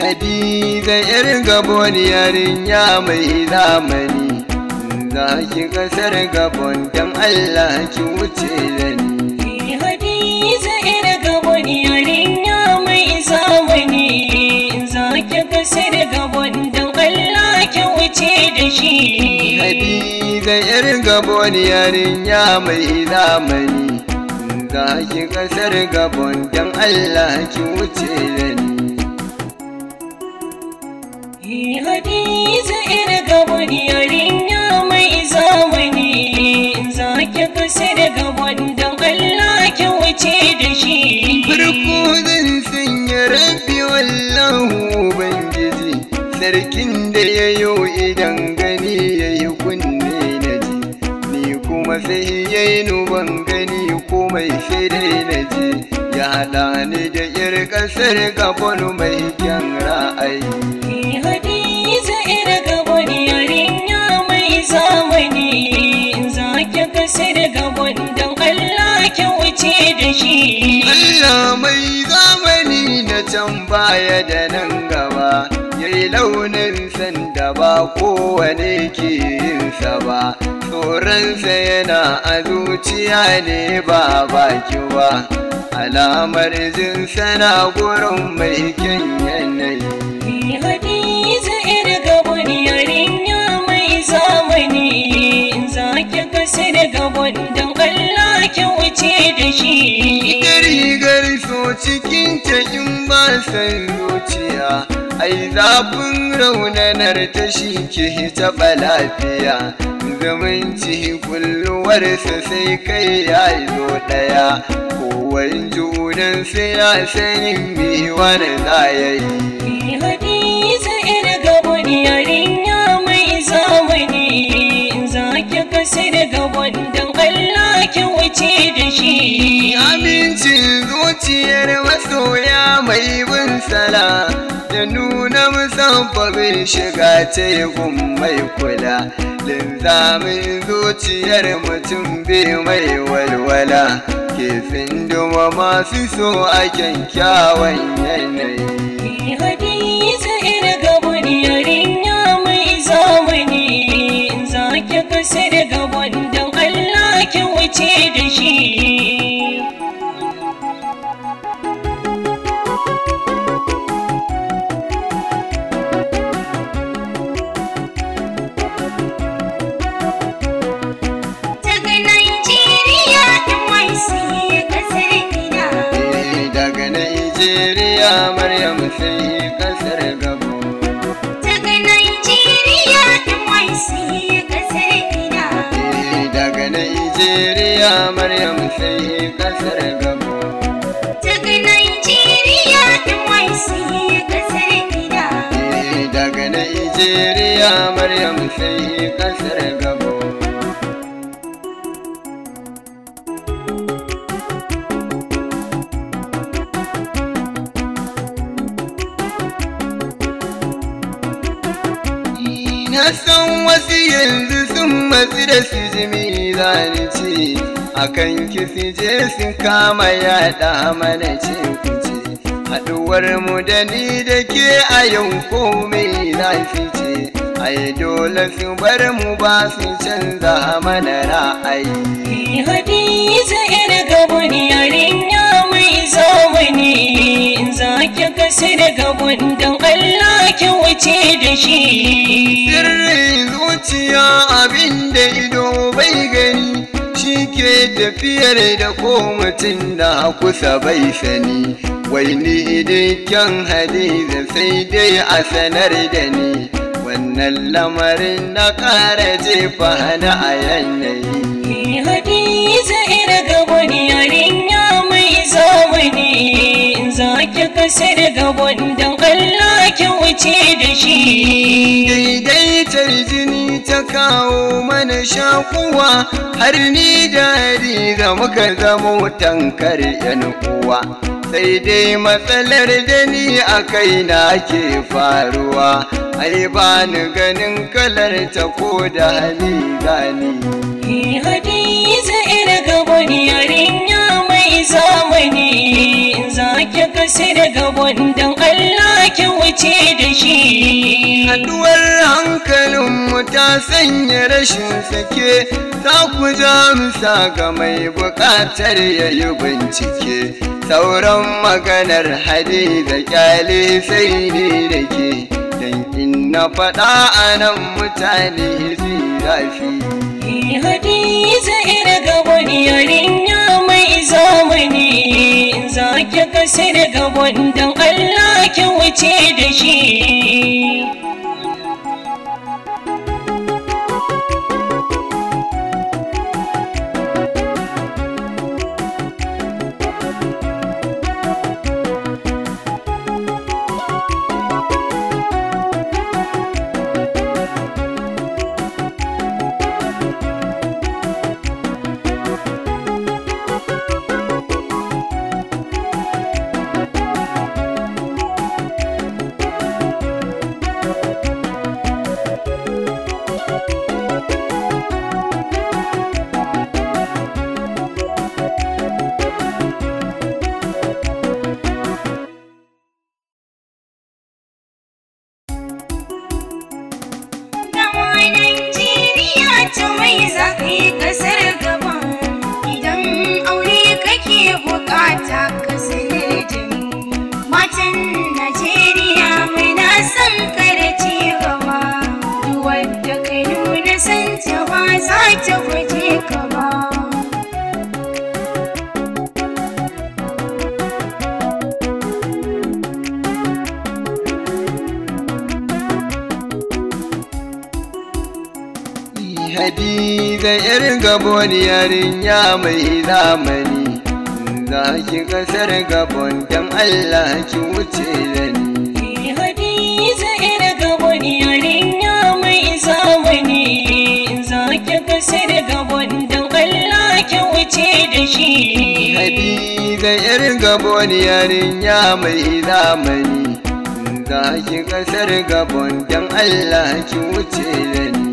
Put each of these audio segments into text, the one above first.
hadiza yar gabon yarinya mai zamani za ki kasar gabon don allah ki wuce da ni hadiza yar gabon yarinya mai zamani za ki kasar gabon don allah ki wuce da shi hadiza yar gabon yarinya mai zamani za ki kasar gabon don allah ki wuce da ni Hadiza ina gaban yarinya mai zamani za ki kusa da gaban Allah ki wuce da shi. Farko zan sanya rabbi wallahu ubangiji sarkin da ya yo idan gani ya yi kunne na ji ni kuma sai ya yi nuban gani komai sai dai na ji ya haɗa ni da 'yar ƙasar gabon mai kyan ra'ayi. mai zamani na can baya da nan gaba ya yi launin sanda ba kowane ke yinsa ba tsoronsa yana a zuciya ne ba baki ba alamar jin sana gurin mai kyan mai zamani za ki daga wanda Allah ki wuce da shi cikin ta in ba san zuciya ai zafin raunanar ta shi ke taɓa lafiya zaman zamanci kulluwarsa sai kai ya zo ɗaya kowan junan sai ya sani mi wani za ya yi mai zamani za ki kasi daga wani ciyar masoya mai bin sala da nuna musamman shiga tekun mai kula linzamin zuciyar mutum bai mai walwala kefin duma masu so a kyakkyawan yanayi fargaba. Daga Najeriya ɗuwan sai ƙasar gida. Eh, daga Najeriya Maryam sai kasar gaba. Na san wasu yanzu sun matsi da su jimi akan kifi je su kama yaɗa mana ce fice, haɗuwar mu da ni da ke a yau komai na fice ai dole su bar mu ba su canza mana ra'ayi Hadiza ina gabon yarinya mai zamani za ki kasi daga don Allah ki wuce da shi Sirri zuciya abin da ido bai gani ke tafiyar da ko mutum na kusa bai sani wai ni idan kyan hadiza sai dai a sanar da ni wannan lamarin na ƙara jefa hana a yanayi ni hadiza ina gaba ni yarinya mai zamani ki kasar gaban don Allah ki wuce da shi. Daidai jini ta kawo mana shakuwa har ni da riga muka zama tankar yan uwa. Sai dai matsalar dani a kai na ke faruwa, ai ba ni ganin kalar ta ko da hali gani. Hadiza ina wani yarinya. yi zamani zaki kasi daga wandon Allah ki wuce da shi. Haduwar hankalinmu ta sanya rashin sake za ku jamusa ga mai buƙatar ya yi bincike. Sauran maganar hadi da ƙyale sai ne da ke, don in na faɗa a nan mutane zai rafi. Hadiza irga wani yarinya mai zamani Za ki kasar ga wanda Allah ki wuce da shi Zan irin gabon yarinya mai zamani zaki kasar gabon don allah ki wuce da ni hadiza irin gabon yarinya mai wuce da shi gabon yarinya mai zamani zaki kasar gabon don allah ki wuce da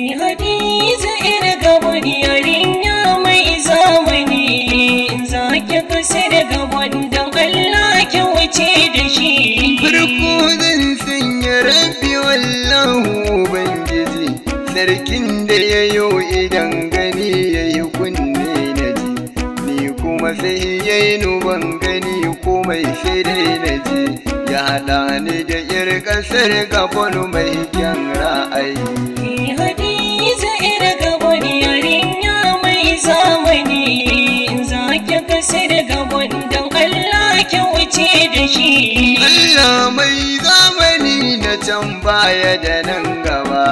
Ni Hadiza ‘yar gaban yarinya mai zamani, za ki kusa daga wanda Allah ki wuce da shi. Farko zan sanya rabbi wallahu Ubangiji, sarkin da ya yo idan gani ya yi kunne na ji, ni kuma sai ya yi nuban gani komai sai dai na ji, ya haɗa ni da ‘yar ƙasar gaban mai kyan ra'ayi. Yana mai zamani na can baya da nan gaba,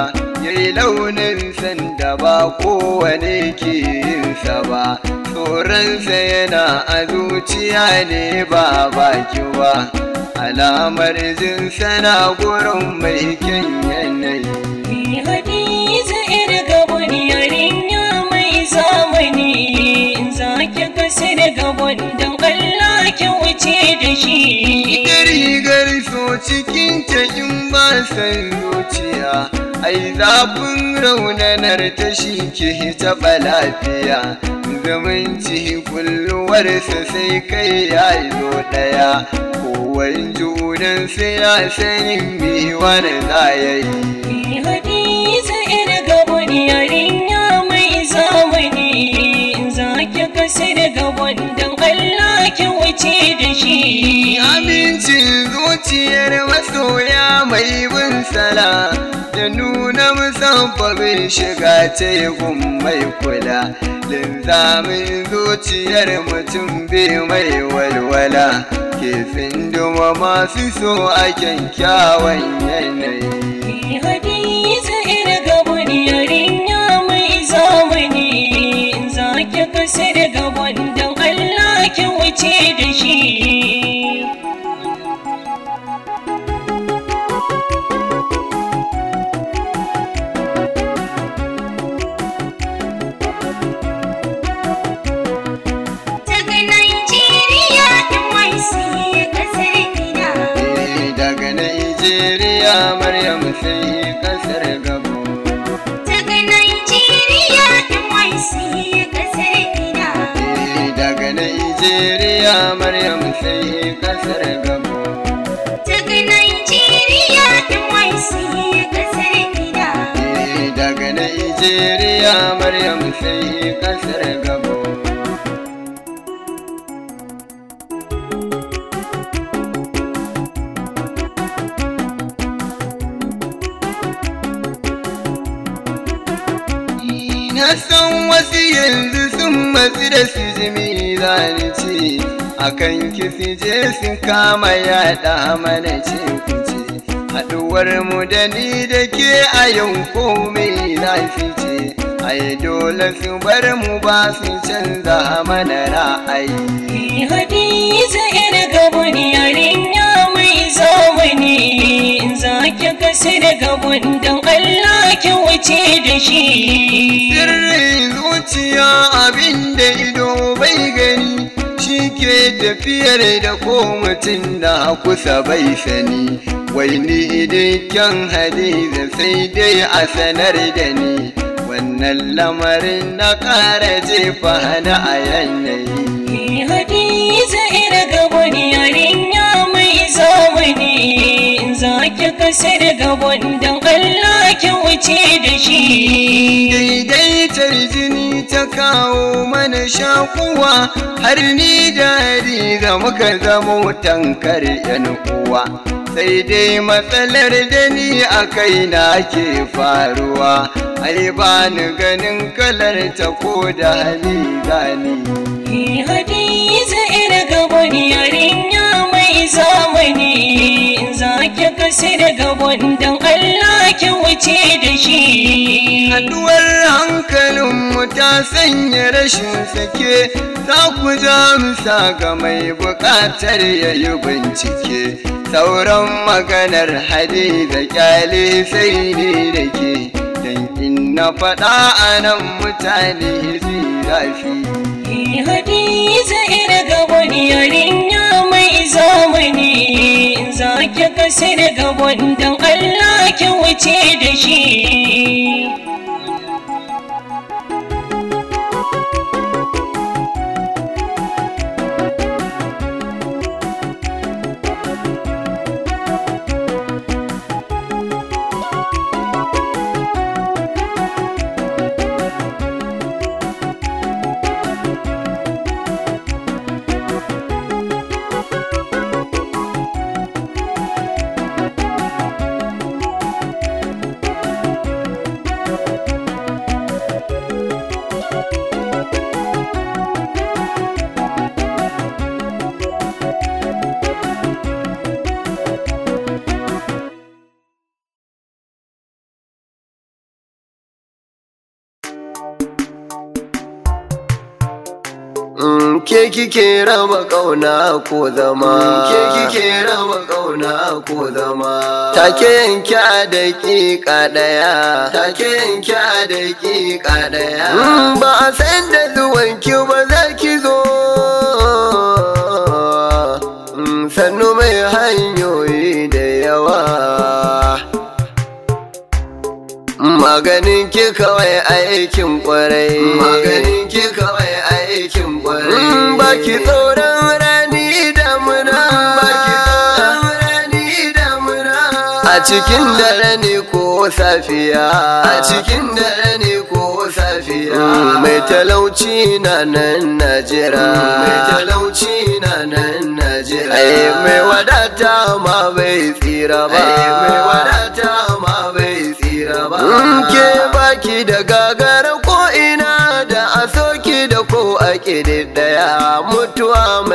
ya yi launin sanda ba kowane ke yinsa ba, tsoronsa yana a zuciya ne ba baki ba, alamar jin sana gurin mai kyanyen mai Zamani zaki daga wani Allah ki wuce da cikin ta in ba san zuciya ai zafin raunanar ta shi ke taɓa lafiya zamanci kulluwarsa sai kai ya zo ɗaya kowan junan sai ya sanin me wani za ya yi Hadisa ir gaba yarinya mai zamani za ki kasi daga wanda Allah ki wuce da shi zuciyar masoya mai bin sala da nuna musabbabin shiga tekun mai kula linzamin zuciyar mutum bai mai walwala ke fin duma masu so a kyakkyawan yanayi Sai daga Nigeria, Maryam sai kasar gabo Daga Nigeria, Iman sai kasar Gida. Eh, daga Nigeria, Maryam sai kasar gabo Daga Najeriya Iman sai kasar Gida. Eh, daga Nigeria, Maryam sai kasar gabo. yanzu sun matsu da su jimi zani ce akan kisi je sun kama yaɗa mana ce kuce haɗuwar mu da ni da ke a yau mai lafi ce ai dole su bar mu ba su canza mana ra'ayi Hadiza ga gabon yarinya zamani in zaki kasu daga gundan Allah ki wuce da shi sirrin zuciya abin da ido bai gani shi ke tafiyar da ko mutum na kusa bai sani wai ni idan dukkan hadiza sai dai a sanar da ni wannan lamarin na ƙara jefa hana a yanayi hadiza ira wani ya zamani in za ki kasar gaban don Allah ki wuce da shi. Daidaitar jini ta kawo mana shakuwa har ni da riga muka zamo tankar yan uwa. Sai dai matsalar da ni a kaina ke faruwa, ai ba ni ganin kalar ta ko da hali gani. Ni eh, hadiza ina gaban yarinya zamani zaki kasi daga wanda Allah ki wuce da shi haduwar hankalinmu ta sanya rashin sake ta ku sa ga mai buƙatar ya yi bincike sauran maganar hadi da kyale sai ne da ke don in na faɗa a nan mutane su yi rafi eh, Hadiza ira ga wani yarinya mai zamani za ki kasar gaban wanda Allah ki wuce da shi ke kike rama kauna ko zama ke kike raba kauna ko zama take yanki a daƙiƙa Ta ke yanki a daƙiƙa mm, ba a san da zuwan ki ba za ki zo mm, sannu mai hanyoyi da yawa maganin ki kawai aikin kwarai maganin ki kawai baki tsoron rani damuna a cikin dare ne ko safiya a cikin dare ne ko safiya mm, mai talauci na nan najira mm, mai talauci na nan ai mai wadata ma bai tsira ba ai mai wadata ma bai tsira ba mm,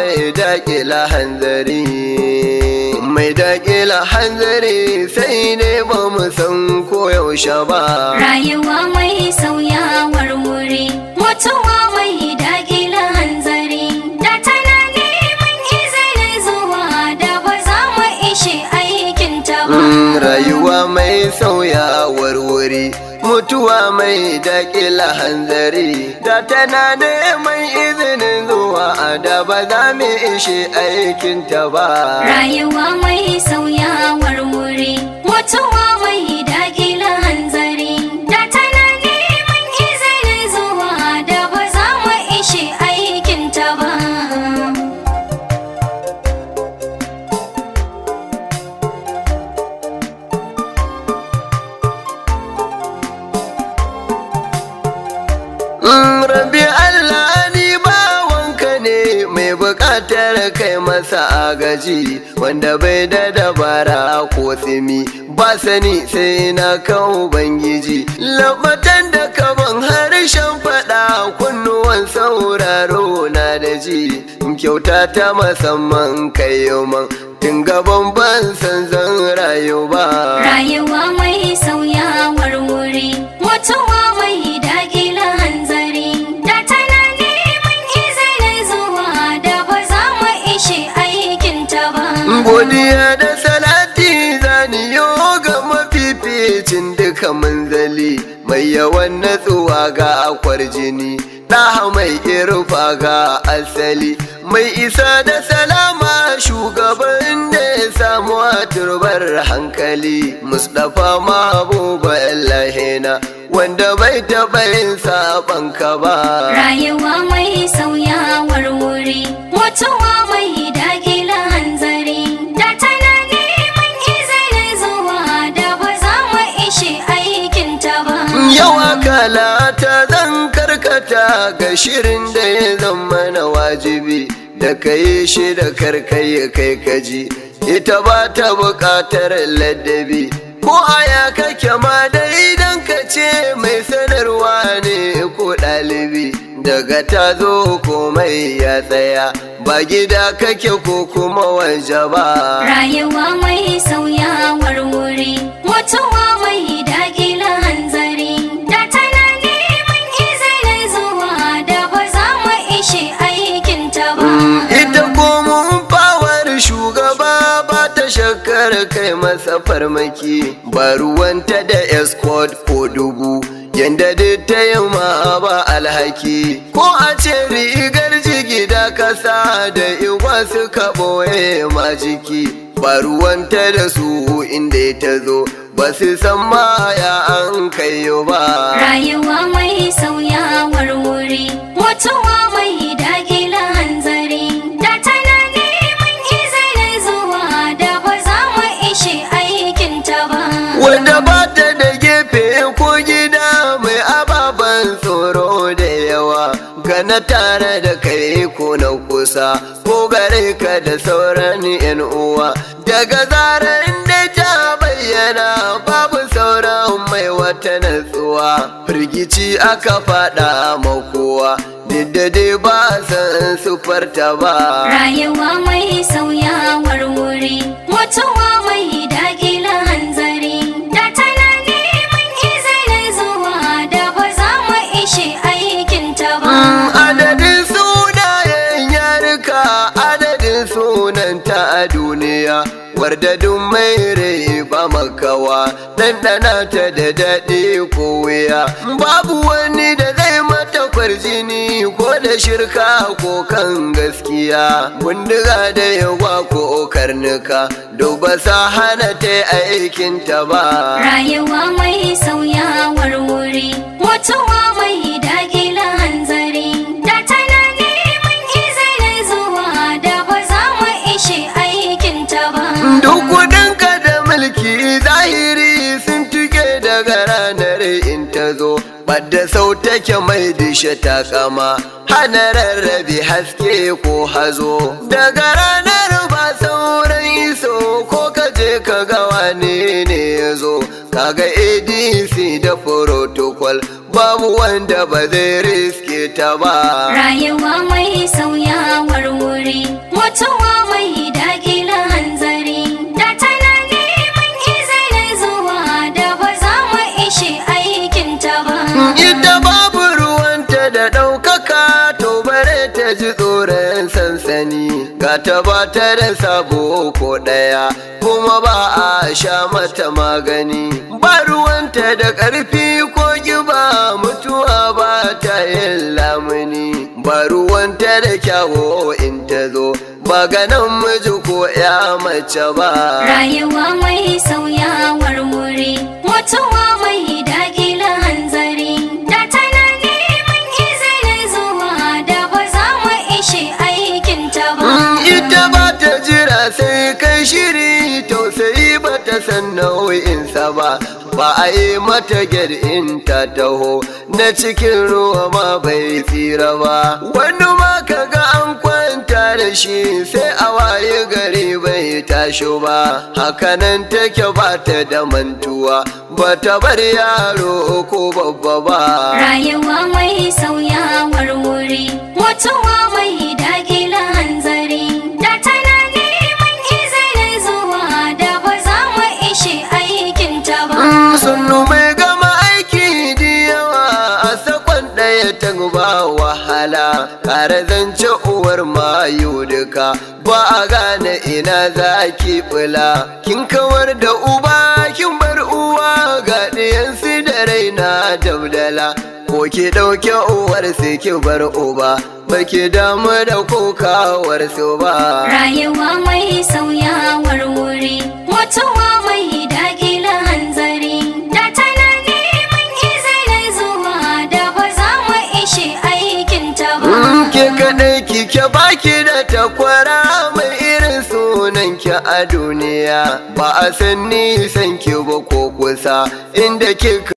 mai daƙila hanzari mai daƙila hanzari sai ne ba mu san koyaushe ba rayuwa mai sauyawar wuri mutuwa mai daƙila hanzari da tana neman izinin zuwa da ba za mu ishe aikinta ba mm, rayuwa mai sauyawar wuri mutuwa mai daƙila hanzari da tana neman izinin zuwa a da ba za mu ishe aikinta ba rayuwa mai sauyawar wuri mutuwa mai buƙatar kai masa agaji wanda bai da dabara ko tsimi ba sani sai na kan ubangiji labatan da kaman harshen faɗa kunnuwan sauraro na da ji kyauta ta musamman kai man tun gaban ban san zan rayu ba rayuwa mai sauyawar wuri mutuwa mai godiya da salati zani yo ga mafificin duka manzali mai yawan natsuwa ga akwar jini ɗaha mai irfa ga asali mai isa da salama shugaban da ya samu a turbar hankali mustapha mahabuba lahina wanda bai taɓa yin saɓanka ba rayuwa mai sauyawar wuri mutuwa mai yau akala ta zan karkata ga shirin da ya zama na wajibi da ka yi shi da karkai kai kaji ita ba ta buƙatar ladabi ko ya kake ma da idan ka ce mai sanarwa ne ko ɗalibi daga ta zo komai ya tsaya ba gida kake ko kuma waje ba rayuwa mai sauyawar wuri mutuwa kar kai masa farmaki ba ruwanta da escort ko dubu yanda duk ta yi ba alhaki ko a ce rigar jigida kasa da iwa suka ɓoye ma jiki ba ruwanta da su inda ta zo ba su san ma ya an kai ba rayuwa mai sauya na tare da kai ko na kusa ko gare ka da sauran yan uwa daga zarar inda ta bayyana babu sauran mai wata natsuwa firgici aka faɗa makowa dai ba san sufarta ba rayuwa mai sauyawar wuri mutuwa mai Warda duk ba makawa ɗanɗana ta da daɗi ko wuya Babu wani da zai mata kwarjini ko da shirka ko kan gaskiya Bindiga da yawa ko karnuka duba sa hana ta aikinta ba Rayuwa mai sauyawar wuri mutuwa mai daɗi duk kudinka da mulki zahiri sun tuke daga ranar in ta zo wadda sau take mai dishe takama hana rarrabe haske ko hazo daga ranar ba sauran iso ko kaje ka ga wane ne ya zo kaga adc da protocol babu wanda ba zai riske ta ba rayuwa mai sauyawar wuri da babu ruwanta da ɗaukaka to bare ta ji tsoron sansani ga ta ba ta da sabo ko ɗaya kuma ba a sha mata magani ba ruwanta da ƙarfi ko giba, mutuwa ba ta yin lamuni ba ruwanta da kyawo in ta zo ba ganin miji ko ya mace ba rayuwa mai sauyawar wuri mutuwa mai daɗi sai kai shiri tausayi ba ta san nau'insa ba ba a yi mata in ta taho na cikin ruwa ma bai tsira ba wani ma kaga an kwanta da shi sai a waye gari bai tashi ba hakanan take ba ta da mantuwa ba ta bar yaro ko babba ba rayuwa mai sauyawar wuri mutuwa mai zan zance uwar mayu duka ba a gane ina za ki bula kin kawar da uba kin bar uwa ga ɗiyan si da raina dabdala ko ki ɗauke uwar su ki bar uba baki damu da kokawar su ba rayuwa mai sauyawar wuri mutuwa mai ke baki da takwara mai irin sunan ki a duniya ba a san nisan ki ba ko kusa inda kika